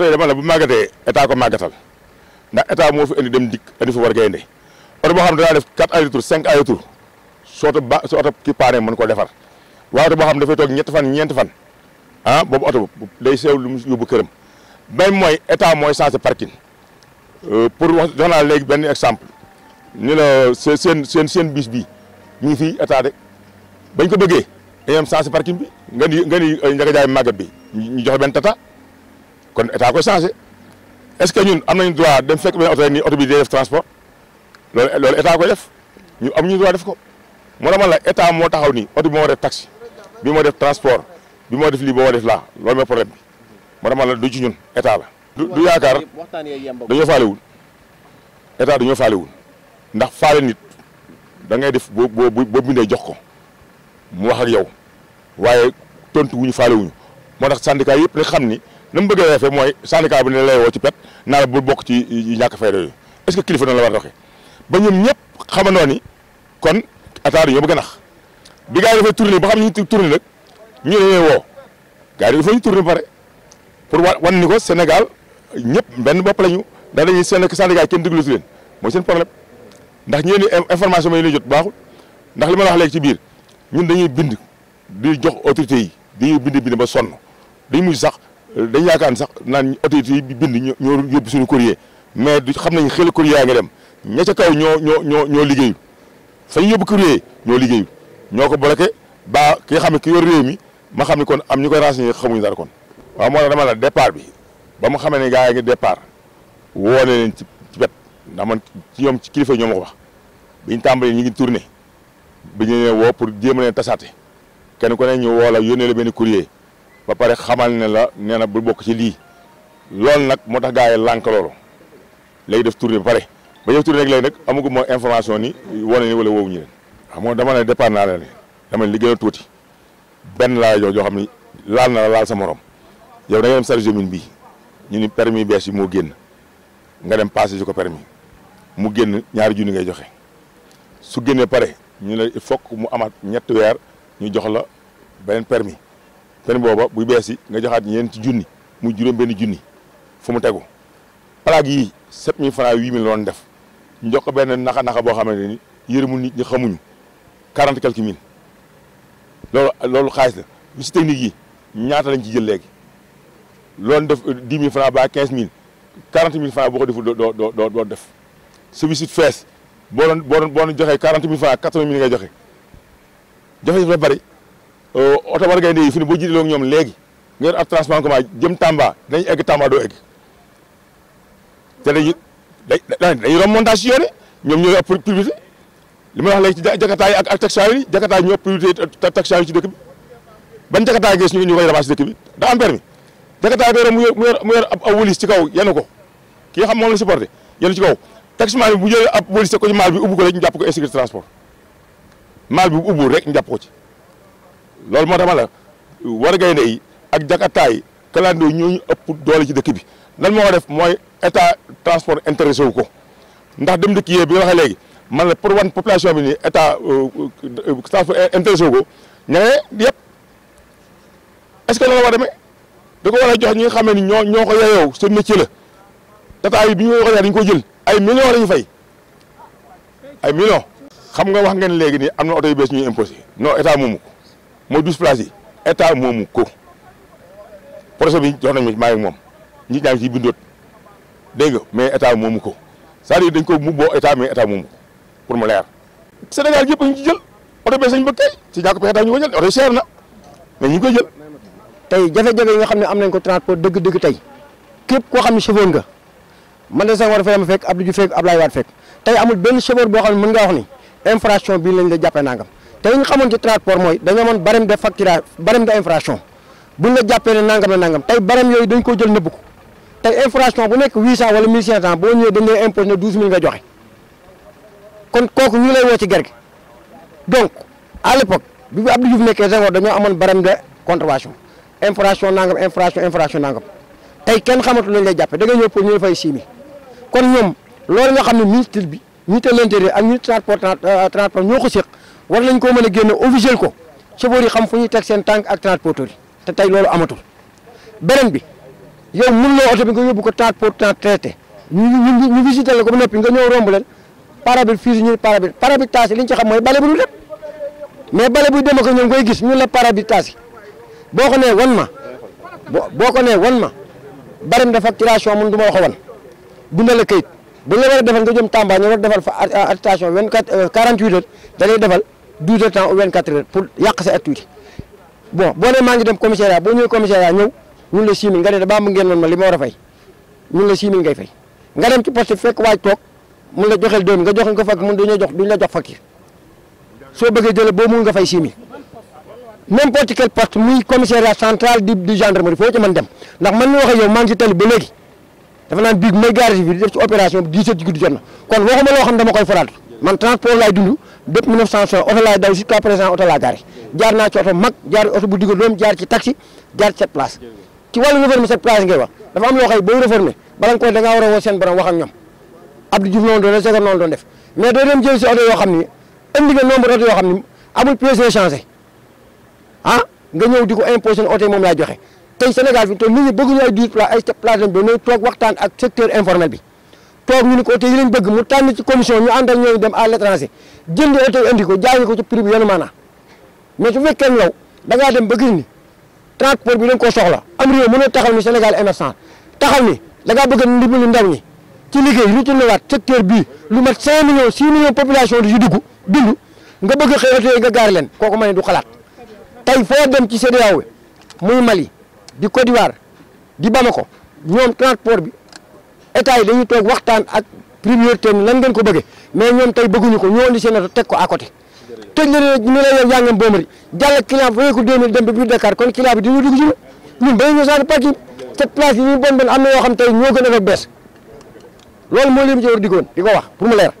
oto yi dama la bu màggatee état ko màggatal ndax état mo fi indi dem dik indi fu war gaynde oto bo xam ne def 4 ay retour 5 ay retour soo to ba soo oto ko defar waaye oto boo xam ne dafay toog ñetti fan ñeenti fan ah boobu oto day sew lu mu yóbbu këram benn mooy état mooy changé parking euh, pour wax jox naa léegi benn exemple ni la sen sen sen bis bi ni fi état de bañ ko bëggee dañuy am changé parking bi nga ni nga ni Ndiaga Ndiaye màggat bi ñu joxe benn tata kon état koy changé est-ce que ñun am nañu droit dem fekk benn oto ni oto bi day def transport loolu loolu état koy def ñu am ñu droit def ko moo tax la état moo taxaw nii oto bi moo def taxi moo def transport bi moo def lii boo def laa loolu mooy problème bi moo tax la du ci état la. du yaakaar dañoo faalewul état dañoo faalewul ndax faale nit da ngay def boo boo boo bindee jox ko mu wax ak yow waaye tontu wuñu faale wuñu moo tax syndicat yëpp nag xam ni. na mu bëgg a mooy syndicat bi ne lay woo ci pet naa la bul bokk ci ñàkk fayda yooyu est-ce que kilifa ba ñoom ñëpp xamandoo ni kon attaar ñoo bëgg a nax bi gars yi dafay tourné ba xam ñu tourné nag ñu ne woo gars yi dafa ñu tourné ba pare pour wa wan ko Sénégal ñëpp benn bopp lañu ndax dañuy seen ak syndicat kenn déglu si leen mooy seen problème ndax ñeen information yi ñuy jot baaxul ndax li ma la wax ci biir ñun dañuy bind di jox autorités yi dañuy bind bind ba sonn dañuy mujj sax. dañ yaakaar sax naan oto yi bind ñoo yóbbu suñu courrier mais du xam nañ xel courrier yaa ngi dem ña ca kaw ñoo ñoo ñoo ñoo liggéeyul fa ñu yóbbu courrier ñoo liggéeyul ñoo ko bloqué ba ki nga xam ne ki yor réew mi ma xam ne kon am ñu koy renseigné xamuñu dara kon. waaw dama la départ bi ba ma xamee ne gaa yaa ngi départ woone leen ci ci wet ndax man ci ñoom ci kilifa ñoo ma ko wax biñ tàmbalee ñu ngi tourné bi ñu leen woo pour jéem a leen kenn ku ne ñu woo la yónnee la benn courrier. ba pare xamal ne la nee bu bokk ci lii loolu nag moo tax gars yi lànk loolu léegi def tournée ba pare ba def tournée rek léegi nag amagu moo information ni wane ni wala woowu ñu leen. xam nga dama ne départ naa leen dama ne li gën tuuti benn laa jox joo xam ni laal na la laal sa morom yow da nga dem service de mine ñu ni permis bees yi moo génn nga dem passé ji ko permis mu génn ñaari junni ngay joxe su génnee pare ñu ne il faut mu amaat ñett weer ñu jox la beneen permis pen booba bu bees yi nga joxaat ti junni mu juróom benn junni fu mu tegu plaque yi 7000 francs 8000 la doon def ñu jox ko benn naxa naxa boo xamante ni yërëmul nit ñi xamuñu 40 quelque mille loolu loolu xaalis la lu technique yi ñaata lañ ci jël léegi loolu def 10 000 francs ba quinze 000 40 000 francs boo ko deful doo doo doo doo def service fees boo doon boo doon boo doon joxee 40 000 francs 80 000 ngay joxe joxe yi Euh, oto war gaynde yi fi ne boo jiitaloo legi ñoom léegi nga yor ab transport comment jëm Tamba dinañ egg Tamba do egg te dañuy dañuy rom montage yoone ñoom ñooy ëpp priorité lima ma wax léegi ci jakataay ak ak taxawaay yi jakataay ñoo ëpp priorité taxawaay yi ci dëkk bi ban jakataay gees ñu ñu koy rabaas ci dëkk bi daa am permis jakataay bi mu yor mu yor ab wëlis ci kaw yenn ko kii xam moom la supporté yenn ci kaw taximan bi bu jëlee ab wëlis ko ci maal bi ubbu ko rek ñu jàpp ko insécurité transport maal bi bu ubbu rek ñu jàpp ko ci loolu moo tax ma la war gaynde yi ak jakarta yi kalandoo ñu ñooñu ëpp doole ci dëkk bi lan moo ko def mooy état transport intéressé wu ko ndax dem dëkk yee bi nga léegi man la pour wan population bi nii état euh, euh, transport ko ña ne que loolu war da ko a ñi nga ni ñoo ñoo ko yeyoo seen métier la tata yi bi ñu ko jël ay millions la ñu fay ay millions. xam nga wax ngeen léegi nii am na oto bees ñuy imposé non état moomu mooy douze places yi état moomu ko projet bi jox nañ ma maa ngi moom ñi ñaa ngi ciy bindoot mais état momu ko cest dire dañ ko mu boo état mais état momu pour mu leer. Sénégal yëpp ñu ci jël auto bee sañ bëkkay ci jakk ñàkk pexe tax ñu ko jël oto cher na mais ñu ko jël. tay jafé jafé nga xamné am nañ ko transport deug deug tay képp ko xamni chauffeur nga man de war fa dama fekk Abdou Diouf fekk ablaye war fekk tay amul ben chauffeur bo xamni mën nga wax ni infraction bi lañ la jappé nangam. te ñu xamoon ci transport mooy dañoo amoon barème de factura barème de infraction buñ la jàppee ne nangam nangam tey barème yooyu dañ koo jël nëbb ko tey infraction bu nekk 800 wala 1500 boo ñëwee dañ lay imposé ne 12000 nga joxe kon kooku ñu lay woo ci ger gi donc à l'époque bi Abdou Diouf nekkee Senghor dañoo amoon barème de contravention infraction nangam infraction infraction nangam tey kenn xamatu lañ lay jàppee da nga ñëw pour ñu fay siimi kon ñoom loolu nga xam ne ministre bi ministre de l'intérieur ak euh, ñoo ko séq war nañ koo mën a génne officiel ko chauffeur yi xam fu ñuy teg seen tànk ak transporteur yi te tey loolu amatul beneen bi yow mun loo oto bi nga yóbbu ko transport traité ñu ñu ñu visité la ko ba noppi nga ñëw romb leen parabole fii ñu parabole parabole taasi li ñu ci xam mooy bale bu dul dem mais bale buy dem ak ñoom koy gis ñu la parabole taasi boo ko nee wan ma boo ko nee wan ma barème de facturation mun du ma wax a wan bindal la kayit bu ñu la war a defal nga jëm Tamba ñu war a defal fa attestation 24 48 heures da lay defal. 12 heures ou 24 heures pour yak sa activité bon bo né ma ngi dem commissariat bo ñu commissariat ñew ñu la simi nga né ba mu ngeen non ma li ma wara fay ñu la simi ngay fay nga dem ci poste fekk waaj tok mu la joxel doom nga jox nga fak mu dañu jox duñ la jox fakir so bëggé jël bo mu nga fay 6000 n'importe quel poste muy commissariat central di du gendarmerie fo ci man dem ndax man ñu waxe yow ma ngi tali ba légui dafa nan big may garage bi def ci opération 17 guddi jonne kon waxuma lo xam dama koy faral man transport laay dund bépp 1960 oto laay daw jusqu'à présent oto laa gaare jaar naa ci oto mag jaar bu digg doom jaar ci taxi jaar ci sept place ci wàllu réforme sept place ngay wax dafa am loo xay booy réformer bala nga koy da war a woo seen borom wax ak ñoom Abdou Diouf noonu noonu doon def mais doo dem jël si oto yoo xam ni indi nga nombre oto yoo xam ni amul pièce changé ah, nga ñëw di ko imposé oto yi moom laay joxe tey Sénégal fi tey nit ñi bëgg ñu ay 10 place bi toog ñu ni ko oto yi lañ bëgg mu tànn ci commission ñu ànd ak ñooñu dem à l'étranger jënd oto yi ko jaayi ko ci prix bi yenu maanaa mais su fekkee yow da ngaa dem ba gis ni transport bi dañ koo soxla am réew mënoo taxaw ni Sénégal émergent taxaw ni da ngaa bëgg ndimbali ndaw ñi ci liggéey lu tourné waat secteur bi lu mat 5 millions 6 millions population di si dugg dund nga bëgg xëy oto yi nga gaari ko kooku ma ne du xalaat tey foo dem ci CEDEAO muy Mali di Côte d'Ivoire di Bamako ñoom transport bi état yi dañuy tok waxtaan ak premier priorité lan ngeen ko bëgge mais ñom tay bëgguñu ko ñoo li seen oto teg ko à côté tëj la ñu lay yor yàngam bomari jall client bu ko 2000 dem bi Dakar kon client bi dañoo dugg ci ñun bay ñu saani parti te place yi ñu bon bon am na yo xam tay ñoo gëna fa rek lool mo leen ci war digoon diko wax pour mu leer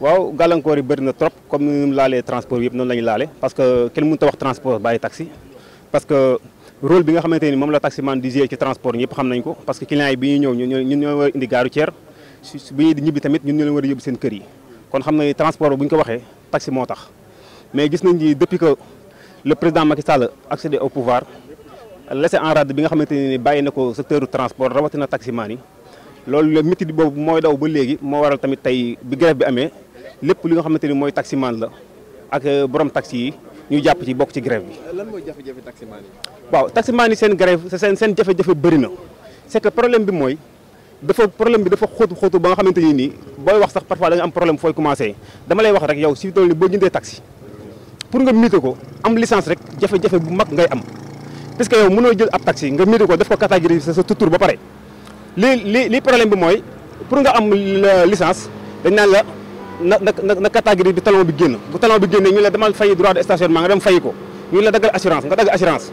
waaw galankor yi bëri na trop comme ñu laalé transport yëpp non lañu laalé parce que kenn mënut a wax transport baye taxi parce que rôle bi nga xamante ni moom la taximan di jouer ci transport ñëpp xam nañ ko parce que client yi bi ñu ñëw ñun ñu war a indi gaaru ceer bi di ñibi tamit ñun ñoo leen war a yóbbu seen kër yi kon xam na ni transport buñ ko waxé taxi moo tax mais gis nañ ni depuis que le président Macky Sall accédé au pouvoir laissé en rade bi nga xamante ne ni bàyyi na ko secteur du transport rawatina taximan yi loolu le métier bobu moy daw ba légui mo waral tamit tay bi grève bi amé lépp li nga xamante ni mooy taximan la ak borom taxi yi ñu japp ci bok ci grève bi. lan mooy jafé jafe taximan yi waaw man ni sen grève seen sen jafe jafé bëri na c'est que problème bi moy dafa problème bi dafa xot xóotu ba nga xamanteni ni boy wax sax parfois da nga am problème foy commencé dama lay wax rek yow si tool ni boo jëndee taxi pour nga mité ko am licence rek jafé jafé bu mag ngay am parce que yow mëno jël ab taxi nga mité ko def ko catégorie sa tour ba paré li li li problème bi moy pour nga am licence dañ nan la na na catégorie bi talon bi génn bu talon bi génnee ñu la demal fay droit de stationnement nga dem fay ko ñu la daggal assurance nga dagg assurance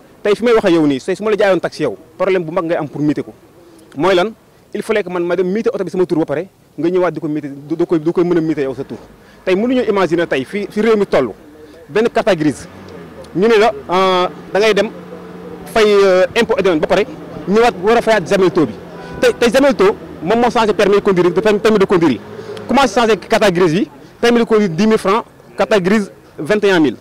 tay fi may wax yow ni say su la jaayoon taxi yow problème bu mag ngay am pour mité ko moy lan il fallait que man ma dem miite oto bi sama tour ba paré nga ñëwaat diko mité miite du koy du koy mën a yow sa tur tey mënuñu imaginer tay fi fi réew mi tollu ben carte grise ñu ne la euh, da ngay dem fay euh, impôt et domaine ba paré ñëwaat wara a fayaat Jamelto bi tay tey Jamelto moom moo changé permis de conduire permis de conduire comment commencé changé carte grise yi permis de conduire 10 francs carte grise 21 000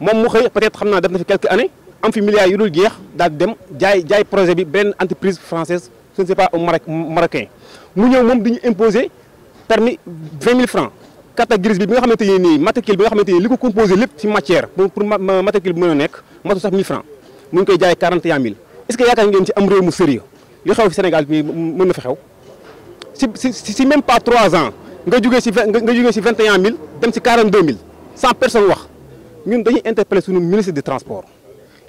mu xey peut-être xamna def na fi quelques années un milliard d'euros hier d'adem j'ai projet entreprise française je ne sais pas au Maroc marocain nous nous avons imposé 20 000 francs catégories bien comme était ni matériel bien comme était les les matières pour pour matériel 000 francs nous nous 41 000 est-ce qu'il y a un qui sérieux? nous servir il faut au Sénégal mais mon frère si même pas trois ans nous avons 21 000, 42 000, sans personne. Nous avons interpellé le ministre des Transports.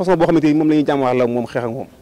façon boo xamante ni moom la ñuy jàmmaar la moom xeex